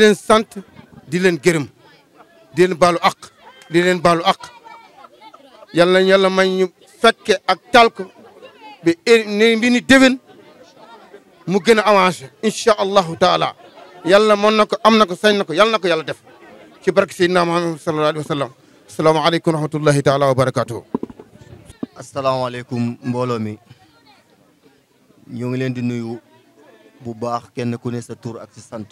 leen sant di leen gërëm di leen baalu àq di leen baalu àq yàlla yàlla may ñu fekke ak tal bi bi ni déwén mu gën a avancé incha allahu taala yàlla mën na ko am na ko sañ na ko yàlla na ko yàlla def ci barke Seydina Muhammad sallallahu alayhi wa sallam asalaamaaleykum wa rahmatullahi taala wa barakaatuhu asalaamaaleykum mbooloo mi ñoo ngi leen di nuyu bu baax kenn ku ne sa tur ak sa sant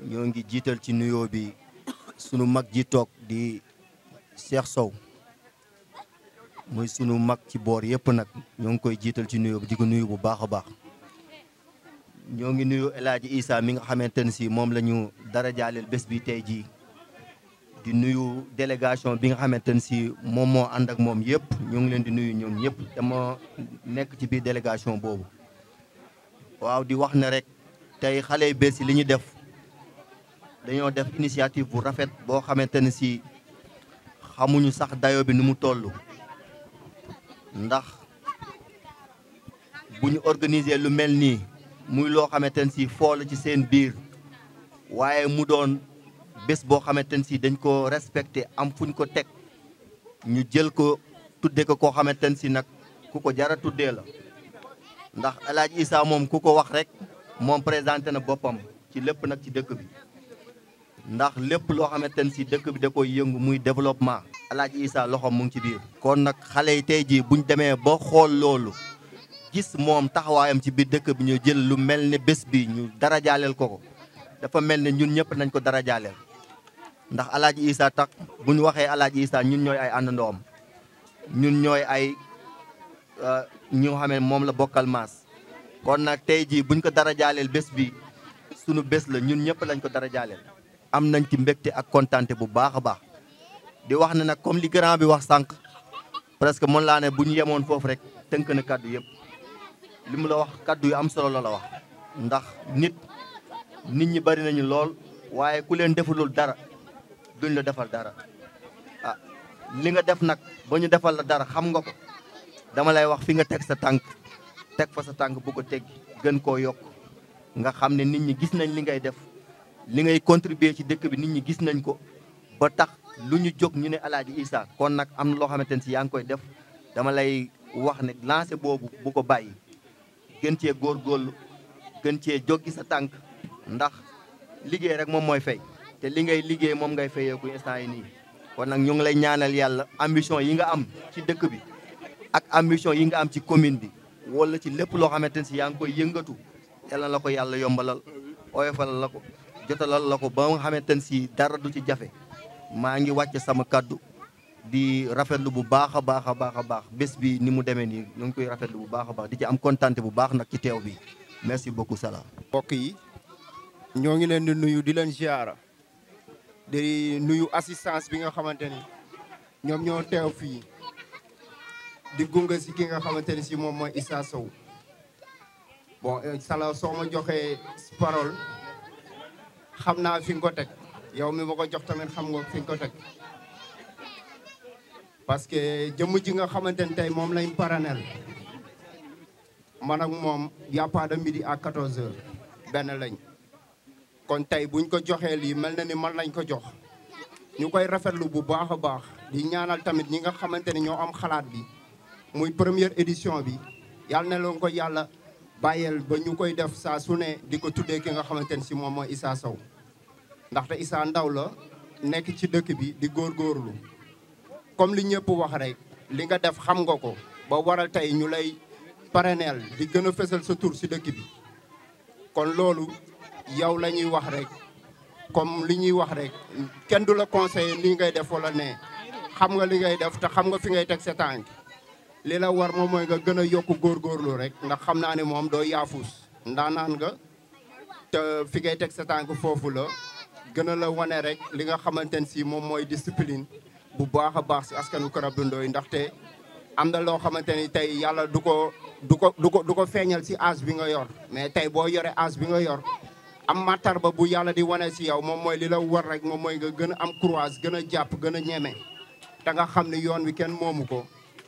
ñoo ngi jiital ci nuyoo bi sunu mag ji toog di Cheikh Sow mooy sunu mag ci boor yëpp nag ñoo ngi koy jiital ci nuyoo bi di ko nuyu bu baax a baax ñoo ngi nuyu El Hadj mi nga xamante ne si moom la ñu bés bi tey jii di nuyu délégation bi nga xamante ne si moom moo ànd ak moom yëpp ñoo ngi leen di nuyu ñoom ñëpp dama nekk ci biir délégation boobu waaw di wax ne rek tey xale yu yi li ñu def dañoo def initiative bu rafet boo xamante ne si xamuñu sax dayo bi ni mu tollu ndax bu ñu organiser lu mel nii muy loo xamante ne si foola ci seen biir waaye mu doon bés boo xamante ne si dañ ko respecté am fuñ ko teg ñu jël ko tudde ko koo xamante ne si nag ku ko jara tuddee la ndax El Hadj moom ku ko wax rek moom présenté na boppam ci lépp nag ci dëkk bi ndax lépp loo xamante ne si dëkk bi da koy yëngu muy développement alaaj Issa loxoom mu ngi ci biir kon nag xale yi tey jii buñ demee ba xool loolu gis moom taxawaayam ci biir dëkk bi ñu jël lu mel ne bés bi ñu darajaaleel ko ko dafa mel ni ñun ñëpp nañ ko dara jaaleel ndax alaaji Issa tax ñu waxee alaaji Issa ñun ñooy ay àndandoom ñun ñooy ay euh, ñu nga xam moom la bokkal maas kon nag tey jii buñ ko jaaleel bés bi sunu bés la ñun ñëpp lañ ko darajaaleel am nañ ci mbégte ak kontaante bu baax a baax di wax ne nag comme li grand bi wax sànq presque mën laa ne bu ñu yemoon foofu rek tënk na kàddu yëpp li mu la wax kàddu yu am solo la la wax. ndax nit nit ñi bari nañu lool waaye ku leen defalul dara duñ la defal dara a ah, li nga def nag ba ñu defal la dara xam nga ko dama lay wax fi nga teg sa tànk teg fa sa tànk bu ko teggi gën koo yokk nga xam ne nit ñi gis nañ li ngay def. li ngay contribuer ci dëkk bi nit ñi gis nañ ko ba tax lu ñu jóg ñu ne Alaaji Issa kon nag am na loo xamante ne si yaa ngi koy def dama lay wax ne lancé boobu bu ko bàyyi gën cee góor góorlu gën cee joggi sa tànk ndax liggéey rek moom mooy fay te li ngay liggéey moom ngay fayeeku instant yi nii kon nag ñoo ngi lay ñaanal yàlla ambition yi nga am ci dëkk bi ak ambition yi nga am ci commune bi wala ci lépp loo xamante ne si yaa ngi koy yëngatu yàlla la ko yàlla yombalal oyofalal la ko jotalal la ko ba nga xamanteni ne si dara du ci jafé ma ngi wacc sama kaddu di rafetlu bu baakha baakha baakha baax bes bi ni mu démé ni ñu koy rafetlu bu baakha baax di ci am contenté bu baax nak ci teew bi merci beaucoup Salah. bokk yi ñoo ngi leen di nuyu di leen ziara di nuyu assistance bi nga xamanteni ñom ñoo teew fi di gunge ci ki nga xamanteni ci mom moy isa Issa Sow bon eh, Salah soo ma joxee parole. xam naa fi nga ko teg yow mi ma ko jox tamit xam nga fi nga ko teg parce que jëmm ji nga xamante ne tey moom lañ paranel man ak moom yàppaada midi à 14 heures benn lañ kon tey buñ ko joxee lii mel na ni man lañ ko jox ñu koy rafetlu bu baax a baax di ñaanal tamit ñi nga xamante ne ñoo am xalaat bi muy première édition bi yàlla ne ko yàlla bàyyeel ba ñu koy def saa su ne di ko tuddee ki nga xamante ne si moom mooy Issa Sow ndaxte Issa ndaw la nekk ci dëkk bi di góor góorlu comme li ñëpp wax rek li nga def xam nga ko ba waral tey ñu lay pareneel di gën a fësal sa tur si dëkk bi kon loolu yow la ñuy wax rek comme li ñuy wax rek kenn du la conseiller li ngay def wala ne xam nga li ngay def te xam nga fi ngay teg sa tànk li la war moom mooy nga gën a yokk góorgóorlu rek ndax xam naa ne moom doo yaafus ndaanaan nga te fi ngay teg sa tànk foofu la gën a la wane rek li nga xamante ne si moom mooy discipline bu baax a baax si askanu Karabou Ndoye ndaxte am na loo xamante ni tey yàlla du ko du ko du ko du ko feeñal si âge bi nga yor mais tey boo yore âge bi nga yor am matar ba bu yàlla di wane si yow moom mooy li la war rek moom mooy nga gën a am courage gën a jàpp gën a ñeme te nga xam ni yoon wi kenn moomu ko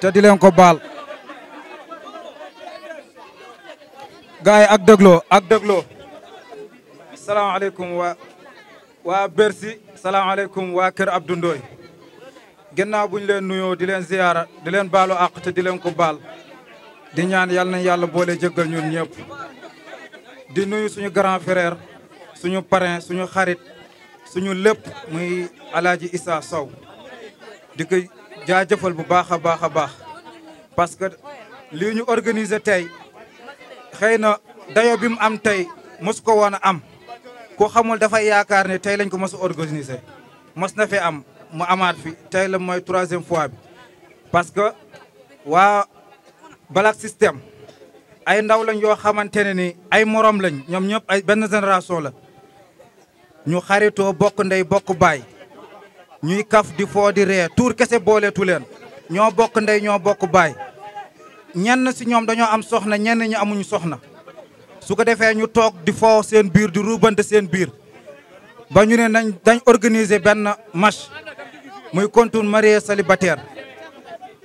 te di leen ko baal gaay ak dégloo ak dégloo salaamaaleykum waa waa Bercy salaamaaleykum waa Kër ab Ndoye ginnaaw bu ñu leen nuyoo di leen ziyaara di leen baalu àq te di leen ko baal di ñaan yal na yàlla boole jëggal ñun ñëpp di nuyu suñu grand frère suñu parrain suñu xarit suñu lépp muy alaaji Issa soow di ko jaajëfal bu baax a baax a baax parce que lii ñu organiser tey xëy na dayo bi mu am tey mos ko woon a am ku xamul dafay yaakaar ne tey lañ ko mos a mos na fi am mu amaat fi tey la mooy troisième fois bi parce que waa Black System ay ndaw lañ yoo xamante ne ni ay morom lañ ñoom ñëpp ay benn génération la ñu xaritoo bokk ndey bokk baay ñuy kaf di foo di ree tuur kese booleetu leen ñoo bokk ndey ñoo bokk baay ñenn si ñoom dañoo am soxna ñenn ñu amuñu soxna su ko defee ñu toog di foo seen biir di ruubante seen biir ba ñu ne nañ dañ organiser benn match muy contour marié célibataire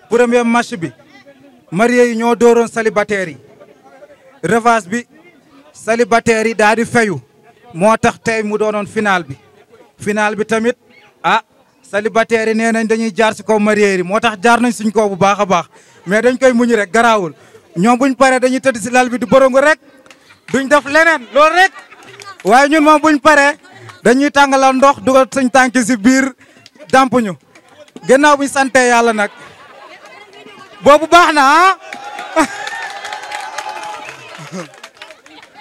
premier match bi marié yi ñoo dooroon célibataire yi revanche bi célibataire yi daal di fayu moo tax tey mu doonoon final bi final bi tamit ah célibataire yi nee nañ dañuy jaar si ko marié yi moo tax jaar nañ suñ ko bu baax a baax mais dañ koy muñu rek garaawul ñoom buñ paree dañuy tëdd si lal bi di borongu rek duñ def leneen loolu rek waaye ñun moom buñ pare dañuy tàngalal ndox dugal suñ tànki si biir damp ñu gannaaw buñ sante yàlla nag bu baax na ah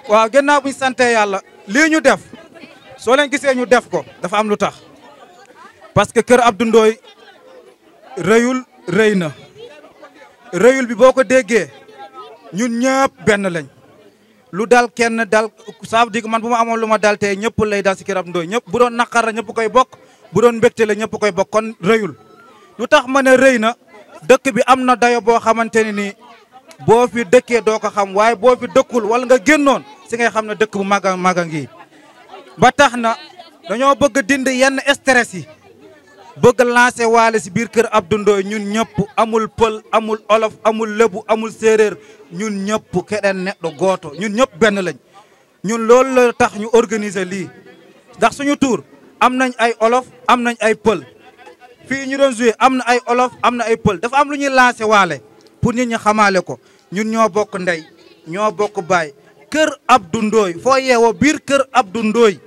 waaw gannaaw buñ sante yàlla lii ñu def soo leen gisee ñu def ko dafa am lu tax parce que kër Abdou Ndoye rëyul rëy na rëyul bi boo ko déggee ñun ñëpp benn lañ lu dal kenn dal saabu veut man bu ma amoon lu ma dal tey ñëpp lay dal si kër Abdou Ndoye ñëpp bu doon naqar la ñëpp koy bokk bu doon mbégte la ñëpp koy bokk kon rëyul lu tax ma ne rëy na dëkk bi am na dayo boo xamante ne nii boo fi dëkkee doo ko xam waaye boo fi dëkkul wala nga génnoon si ngay xam ne dëkk bu màgg a a ngi ba tax na dañoo bëgg dind yenn stress yi bëgg lancé waale si biir kër Abdou Ndoye ñun ñëpp amul pël amul olof amul lébu amul séeréer ñun ñëpp keneen neɗɗo gooto ñun ñëpp benn lañ ñun loolu la tax ñu organiser lii ndax suñu tuur am nañ ay olof am nañ ay pël fii ñu doon joué am na ay olof am na ay pël dafa am lu ñuy lancé waale pour ñu ñi xamaale ko ñun ñoo bokk ndey ñoo bokk baay kër Abdou Ndoye foo yeewoo biir kër Abdou Ndoye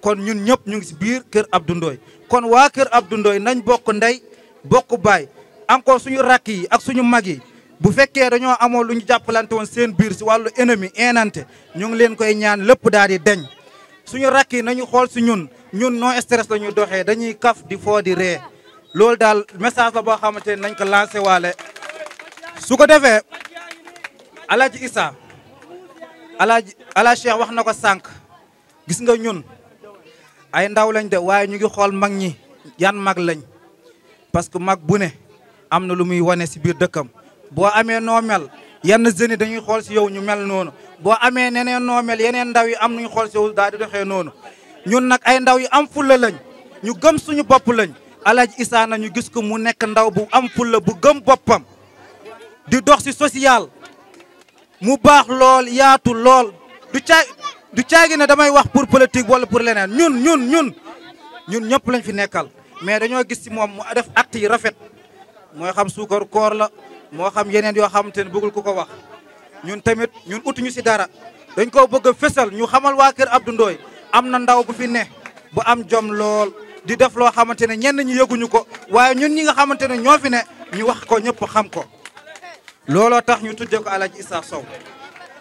kon ñun ñëpp ñu ngi si biir kër Abdou Ndoye kon waa kër Abdou Ndoye nañ bokk ndey bokk baay encore suñu rakk yi ak suñu mag yi bu fekkee dañoo amoon lu ñu jàppalante woon seen biir si wàllu ennemi enante ñu ngi leen koy ñaan lépp daal di deñ suñu rakk yi nañu xool si ñun ñun noo stress la ñuy doxee dañuy kaf di foo di ree loolu daal message la boo xamante ne nañ ko lancé waale su ko defee alaaji Issa alaaji alaaji Cheikh wax na ko sànq gis nga ñun ay ndaw lañ de waaye ñu ngi xool mag ñi yan mag lañ parce que mag bu ne am na lu muy wane si biir dëkkam boo amee noo mel yenn jeunes yi dañuy xool si yow ñu mel noonu boo amee neneen noo mel yeneen ndaw yi am nu ñu xool si yow daal di doxee noonu ñun nag ay ndaw yi am fulla lañ ñu gëm suñu bopp lañ alaaj Issa na ñu gis ko mu nekk ndaw bu am fulla bu gëm boppam di dox si social mu baax lool yaatu lool du caa du caagi ne damay wax pour politique wala pour leneen ñun ñun ñun ñun ñëpp lañ fi nekkal mais dañoo gis ci moom mu def acte yi rafet mooy xam suukar koor la moo xam yeneen yoo xamante ne bëggul ku ko wax ñun tamit ñun utuñu si dara dañ ko bëgg a fésal ñu xamal waa kër Abdou am na ndaw bu fi ne bu am jom lool di def loo xamante ne ñenn ñi yëguñu ko waaye ñun ñi nga xamante ne ñoo fi ne ñu wax ko ñëpp xam ko looloo tax ñu tuddee ko Alaaji Issa Sow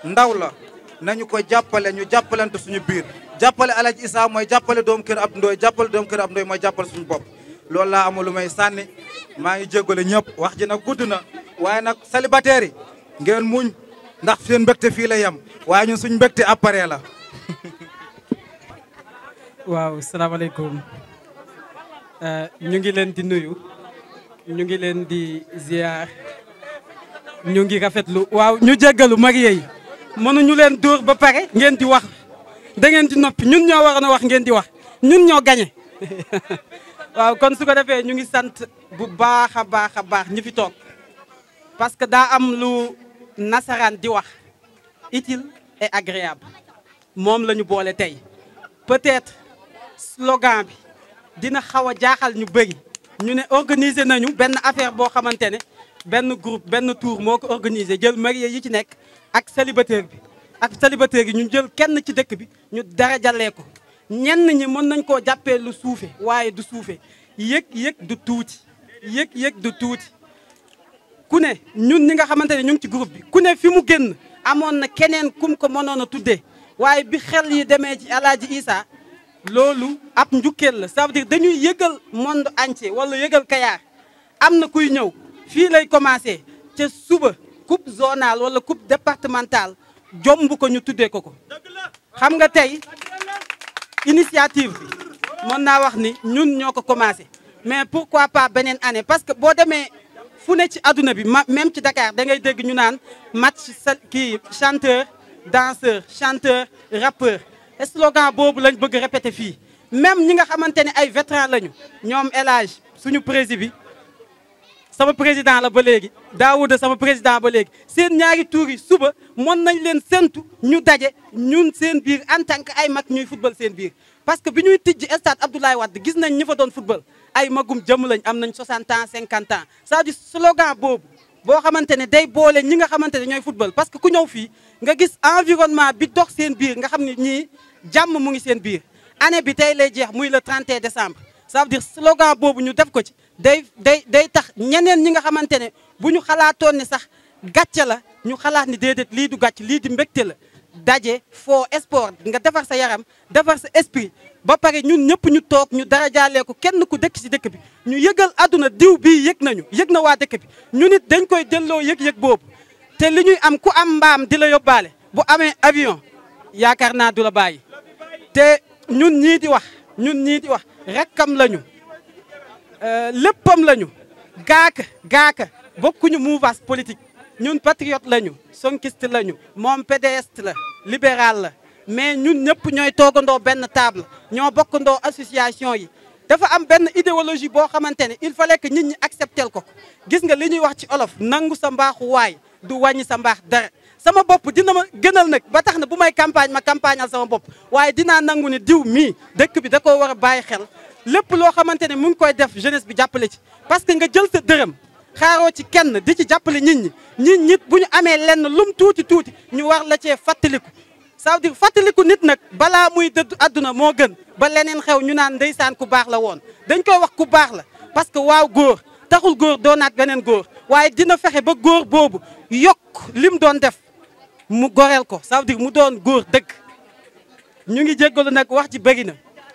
ndaw la nañu ko jàppale ñu jàppalante suñu biir jàppale alaaj Issa mooy jàppale doom kër ab ndooy jàppale doom kër ab ndooy mooy jàppale suñu bopp loolu laa amul lu may sànni maa ngi jéggale ñëpp wax ji nag gudd na waaye nag célibataire yi ngeen muñ ndax seen mbégte fii la yem waaye ñun suñu mbégte appareil la waaw salaamaaleykum euh, ñu ngi leen di nuyu ñu ngi leen di ziar ñu ngi rafetlu waaw ñu jéggalu mag yey ñu leen door ba pare ngeen di wax da ngeen di noppi ñun ñoo waroon wax ngeen di wax ñun ñoo gañe waaw kon su ko defee ñu ngi sante bu baax a baax ñi fi tok parce que da am lu nasaran di wax utile et agréable mom lañu bolé tay peut-être slogan bi dina xawa jaaxal ñu bëri ñu né organiser nañu ben affaire bo xamantene ben, groupe ben tour moko organiser jël marié yi ci nek ak célibataire bi ak célibataire yi ñu jël kenn ci dëkk bi ñu dara ko ñenn ñi mën nañ koo jàppee lu suufe waaye du suufe yëg yëg du tuuti yëg yëg du tuuti ku ne ñun ñi nga xamante ne ñu ngi ci groupe bi ku ne fi mu génn amoon na keneen kum ko mënoon a tuddee waaye bi xel yi demee ci El Hadj Issa loolu ab njukkeel la ça dañuy yëgal monde entier wala yëgal Kayar am na kuy ñëw fii lay commencé ca suba coupe zonale wala coupe départementale jomb ko ñu tuddee ko ko xam nga tey initiative Mon mën wax ni ñun ñoo commencé mais pourquoi pas beneen année parce que boo demee fu ne ci bi même ci Dakar da ngay dégg ñu naan match sa kii chanteur danseur chanteur rappeur slogan boobu lañ bëgg répéter fii même ñi nga xamante ne ay vétérans lañu ñoom El suñu président sama président la ba léegi Daouda sama président ba léegi seen ñaari tuur yi suba mën nañ leen séntu ñu daje ñun seen biir en tant que ay mag ñuy football seen biir. parce que bi ñuy tijji stade Abdoulaye Wade gis nañ ñi fa doon football ay magum jëm lañ am nañ 60 ans 50 ans c'est-à-dire slogan boobu boo xamante ne day boole ñi nga xamante ne ñooy football. parce que ku ñëw fii nga gis environnement bi dox seen biir nga xam ne ñii jàmm mu ngi seen biir année bi tey lay jeex muy le 31 décembre c'est-à-dire boobu ñu def ko ci. day day day tax ñeneen ñi nga xamante ne bu ñu xalaatoon ne sax gàcce la ñu xalaat ni déedéet lii du gàcc lii di mbégte la daje foo sport nga defar sa yaram defar sa esprit ba pare ñun ñëpp ñu toog ñu dara ko kenn ku dëkk ci dëkk bi ñu yëgal àdduna diw bii yëg nañu yëg na waa dëkk bi ñu nit dañ koy delloo yëg-yëg boobu te li ñuy am ku am mbaam di la yóbbaale bu amee avion yaakaar naa du la bàyyi te ñun ñii di wax ñun ñii di wax rakkam lañu Euh, léppam lañu gaaka gaaka bokkuñu mouvance politique ñun patriote lañu sonkiste lañu moom pédéiste la libéral la mais ñun ñëpp ñooy toogandoo benn table ñoo bokkandoo association yi dafa am benn idéologie boo xamante ne il fallait que nit ñi accepter ko gis nga li ñuy wax ci olof nangu sa mbaaxu waay du wàññi sa mbaax dara sama bopp dina ma gënal nag ba tax na bu may campagne ma campagne sama bopp waaye dinaa nangu ni diw mii dëkk bi da koo war a bàyyi xel lépp loo xamante ne mu ngi koy def jeunesse bi jàppale ci parce que nga jël sa dërëm xaaroo ci kenn di ci jàppale nit ñi nit ñit bu ñu amee lenn lum tuuti tuuti ñu war la cee fàttaliku ça veut fàttaliku nit nag balaa muy dëdd àdduna moo gën ba leneen xew ñu naan ndeysaan ku baax la woon dañ koy wax ku baax la parce que waaw góor taxul góor doonaat beneen góor waaye dina fexe ba góor boobu yokk lim doon def mu goreel ko ça veut dire mu doon góor dëgg ñu ngi jéggalu nag wax ci bëri na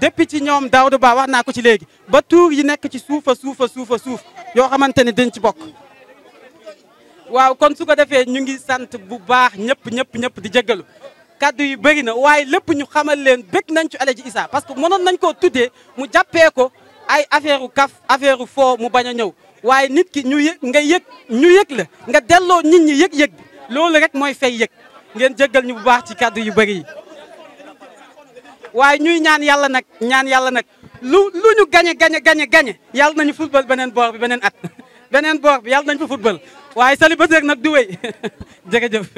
depuis ci ñoom Daouda Ba wax naa ko ci léegi ba tuur yi nekk ci suufa suufa suufa suuf yoo xamante ne dañ ci bokk waaw kon su ko defee ñu ngi sant bu baax ñëpp ñëpp ñëpp di jéggalu kaddu yi bëri na waaye lépp ñu xamal leen bëgg nañ ci Aladji Issa parce que mënoon nañ koo tuddee mu jàppee ko ay affaire u kaf affaire foo mu bañ a ñëw waaye nit ki ñu yëg nga yëg ñu yëg la nga delloo nit ñi yëg-yëg loolu rek mooy fay yëg ngeen jéggal ñu bu baax ci kaddu yu bëri yi waaye ñuy ñaan yàlla nag ñaan yàlla nag lu lu ñu gañe gañe gañe gañe yàlla nañu football beneen boor bi beneen at beneen boor bi yàlla nañu fa football waaye sali ba nag du wéy jërëjëf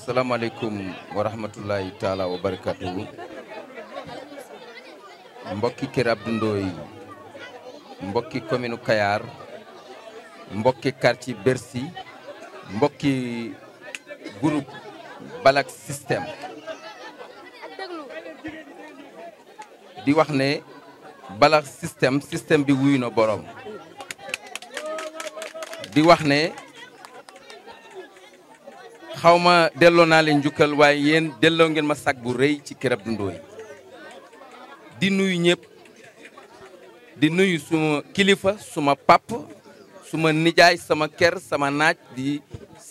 salaamaaleykum wa rahmatulahi taala wa barakaatu. mbokki kër Abdou Ndoye mbokki commune Kayar mbokki quartier Bercy mbokki groupe Balak système di wax ne Balak système système bi wuyu na borom di wax ne. xaw ma delloo naa leen njukkal waaye yéen delloo ngeen ma sag bu rëy ci Keur Abdou Ndoye di nuyu ñëpp di nuyu suma kilifa suma pap suma nijaay sama ker sama naaj di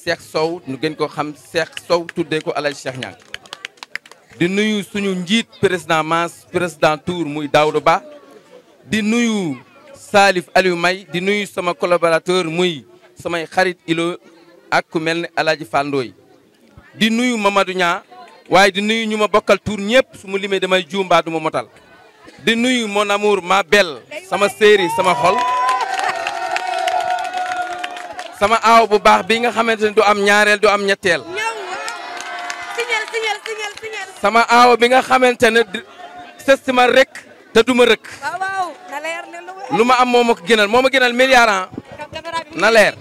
Cheikh Sow nu gën ko xam Cheikh Sow tuddee ko Alaaji Cheikh Niang di nuyu suñu njiit président Mass président Tour muy Daouda Ba di nuyu saalif Aliou May di nuyu sama collaborateur muy samay xarit ilo ak ku mel ni Alaaji Fall Ndoye di nuyu Mamadou nya waye di nuyu ñuma bokal tour ñepp ñëpp limé ma jumba motal di nuyu mon amour ma belle sama séri sama xol sama aw bu baax bi nga xamanteni du am ñaarel du am ñetteel sama aw bi nga xamanteni sestima sësti ma rek te du ma rëkk lu ma am moo gënal gënal milliard ah. na leer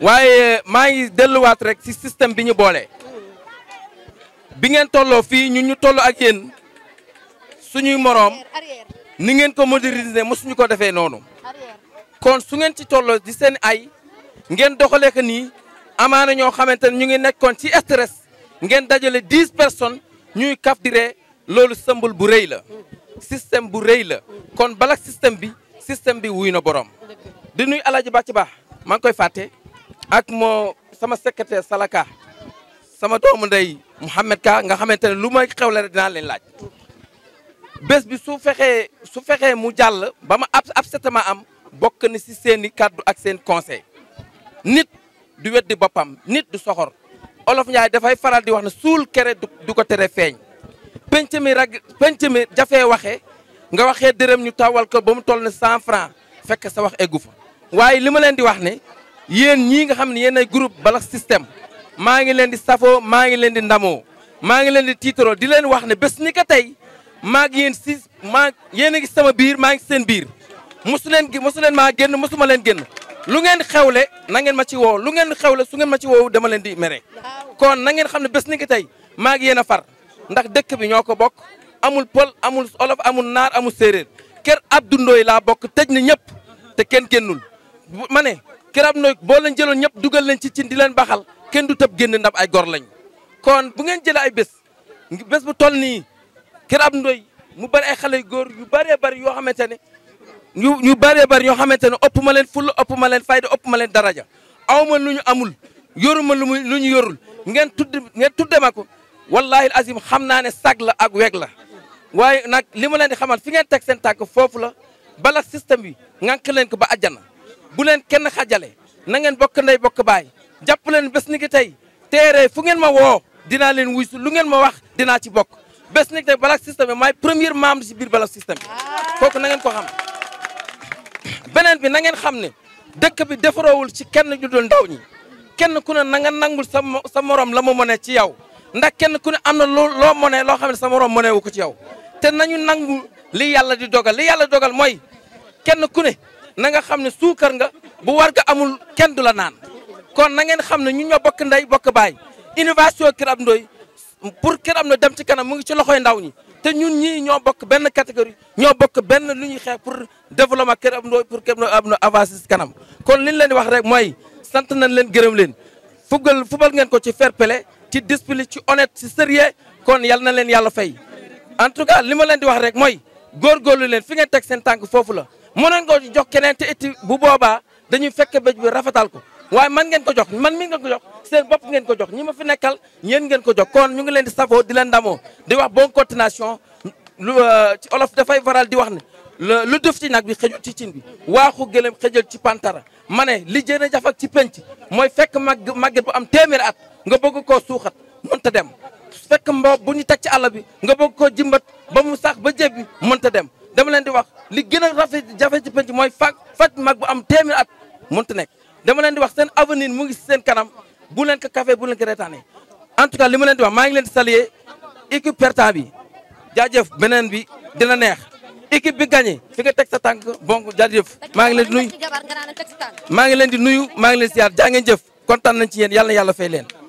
waaye eh, maa ngi delluwaat rek ci système bi ñu boole. bi ngeen tolloo fii ñu ñu tolloo ak yéen suñuy moroom ni ngeen ko moderniser mosuñu ko defee noonu. kon su ngeen ci tolloo di seen ay ngeen doxalee ko nii amaana ñoo xamante ne ñu ngi nekkoon ci stress ngeen dajale dix personnes ñuy kaf diree loolu symbole bu rëy la. système bu rëy la kon balak système bi système bi wuy na borom. di nuy Alaaji Bàcc Ba maa ngi koy fàtte. ak moo sama secrétaire Salaka sama doomu ndey Mouhamed Ka nga xamante ne lu may xewle rek dinaa leen laaj bés bi su fexee su fexee mu jàll ba ma ab abstement am bokk na si seeni kàddu ak seen conseil nit du weddi boppam nit du soxor olof Ndiaye dafay faral di wax ne suul kere du du ko tere feeñ penc mi rag penc mi jafee waxee nga waxee dërëm ñu tawal ko ba mu toll ne cent franc fekk sa wax eggu fa waaye li ma leen di wax ne yéen ñii nga xam ne yéen ay groupe Balax système maa ngi leen di safoo maa ngi leen di ndamoo maa ngi leen di tiitaroo di leen wax ne bés ni ko tey maa ngi yéen si maa yéen a ngi sama biir maa ngi seen biir mosu leen mosu leen maa génn mosuma leen génn lu ngeen xewle na ngeen ma ci woo lu ngeen xew le su ngeen ma ci woowu dama leen di mere kon nangeen xam ne bés ni ko tey maa ngi yéen a far ndax dëkk bi ñoo ko bokk amul pël amul olof amul naar amul séeréer kër Abdou Ndoye laa bokk tëj na ñëpp te kenn génnul ma keram noy bo leen jëlon ñep dugal leen ci cin di leen baxal kën du tepp genn ndab ay gor lañ kon bu ngeen jël ay bës bës bu toll ni Kër Abdou mu bari ay xalé gor yu bari bari yo xamantene ñu ñu bari bari yo xamantene leen fayda daraja awma luñu amul yoruma luñu yorul ngeen tudd ngeen tudde mako wallahi azim xamna ne sag la ak weg la waye nak limu leen di xamal fi ngeen tek seen fofu la bala system bi ngank leen ko ba aljana bu leen kenn xajale nangeen bokk ndey bokk baay jàpp leen bés ni ki tey teere fu ngeen ma woo dinaa leen wuy su lu ngeen ma wax dinaa ci bokk bés ni ki tey Balak système bi maay premier membre si biir Balak système bi kooku na ko xam beneen bi na ngeen xam ne dëkk bi defaroowul ci kenn ju dul ndaw ñi kenn ku ne na nga nangul sa sa morom la mu mënee ci yow ndax kenn ku ne am na loo loo mënee loo xam ne sa morom mënee wu ko ci yow te nañu nangu li yàlla di dogal li yàlla dogal mooy kenn ku ne na nga xam ne suukar nga bu war nga amul kenn du la naan kon na ngeen xam ne ñun ñoo bokk ndey bokk baay innovation Kër Abdou Ndoye pour Kër Abdou dem ci kanam mu ngi ci loxoy ndaw ñi te ñun ñii ñoo bokk benn catégorie ñoo bokk benn lu ñuy xeex pour développement Kër Abdou Ndoye pour Kër Abdou Ndoye avancer ci kanam kon li ñu leen di wax rek mooy sant nañ leen gërëm leen fugal fubal ngeen ko ci fair-play ci discipline ci honnête ci sérieux kon yal na leen yàlla fay en tout cas li ma leen di wax rek mooy góorgóorlu leen fi ngeen teg seen tànk foofu la mënoon nga ko jox keneen te itti bu boobaa dañuy fekk bej bi rafetal ko waaye man ngeen ko jox man mi ngeen ko jox seen bopp ngeen ko jox ñi ma fi nekkal yéen ngeen ko jox kon ñu ngi leen di safoo di leen damoo di wax bonne coordination lu euh, ci olof dafay faral di wax ne lu def ci nag bi xëjul ci cin bi waaxu gëlëm xëjal ci pantara ma ne li jën a ak ci penc mooy fekk mag màgget bu am téeméeri at nga bëgg koo suuxat mënta dem fekk mboob bu ñu teg ci àll bi nga bëgg koo jimbat ba mu sax ba jébbi mënta dem dama leen di wax li gën a rafet jafe ci penc mooy fàq faj mag bu am téeméer at mënut nekk dama leen di wax seen avenir mu ngi seen kanam bu leen ko café bu leen ko reetaane en tout cas li ma leen di wax maa ngi leen di saluer équipe perta bi jaajëf beneen bi dina neex équipe bi gagné fi nga teg sa tànk bon jaajëf maa ngi leen di nuyu maa ngi leen di nuyu maa ngi leen siyaar jaa ngeen jëf kontaan nañ ci yéen yàlla na yàlla fay leen